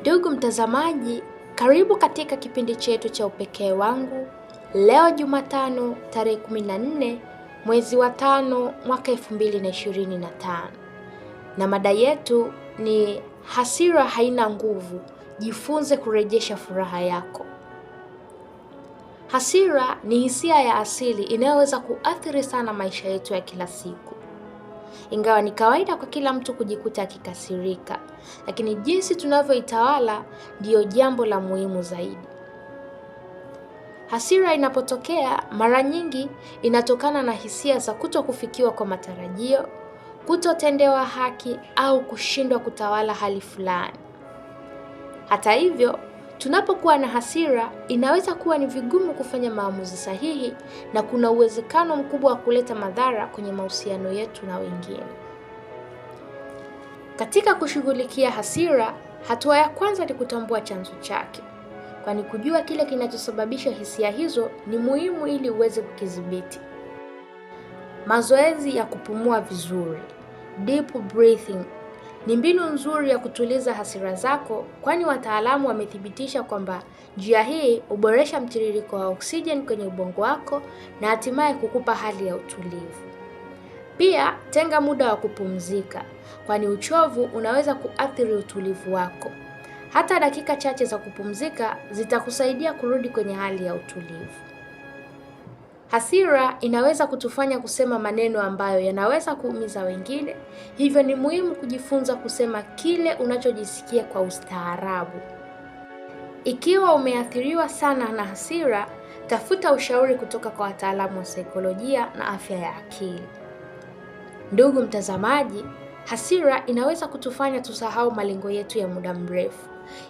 Ndugu mtazamaji, karibu katika kipindi chetu cha Upekee wangu. Leo Jumatano tarehe 14 mwezi wa tano mwaka 2025, na mada yetu ni hasira haina nguvu, jifunze kurejesha furaha yako. Hasira ni hisia ya asili inayoweza kuathiri sana maisha yetu ya kila siku ingawa ni kawaida kwa kila mtu kujikuta akikasirika, lakini jinsi tunavyoitawala ndiyo jambo la muhimu zaidi. Hasira inapotokea mara nyingi inatokana na hisia za kuto kufikiwa kwa matarajio, kutotendewa haki au kushindwa kutawala hali fulani. Hata hivyo, Tunapokuwa na hasira, inaweza kuwa ni vigumu kufanya maamuzi sahihi na kuna uwezekano mkubwa wa kuleta madhara kwenye mahusiano yetu na wengine. Katika kushughulikia hasira, hatua ya kwanza ni kutambua chanzo chake, kwani kujua kile kinachosababisha hisia hizo ni muhimu ili uweze kukidhibiti. Mazoezi ya kupumua vizuri, deep breathing ni mbinu nzuri ya kutuliza hasira zako, kwani wataalamu wamethibitisha kwamba njia hii huboresha mtiririko wa oksijeni kwenye ubongo wako na hatimaye kukupa hali ya utulivu. Pia tenga muda wa kupumzika, kwani uchovu unaweza kuathiri utulivu wako. Hata dakika chache za kupumzika zitakusaidia kurudi kwenye hali ya utulivu. Hasira inaweza kutufanya kusema maneno ambayo yanaweza kuumiza wengine, hivyo ni muhimu kujifunza kusema kile unachojisikia kwa ustaarabu. Ikiwa umeathiriwa sana na hasira, tafuta ushauri kutoka kwa wataalamu wa saikolojia na afya ya akili. Ndugu mtazamaji, Hasira inaweza kutufanya tusahau malengo yetu ya muda mrefu.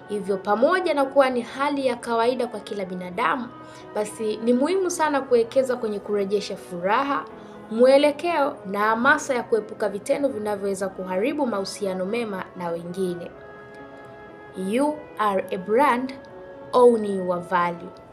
Hivyo, pamoja na kuwa ni hali ya kawaida kwa kila binadamu, basi ni muhimu sana kuwekeza kwenye kurejesha furaha, mwelekeo na hamasa ya kuepuka vitendo vinavyoweza kuharibu mahusiano mema na wengine. You are a brand, own your value.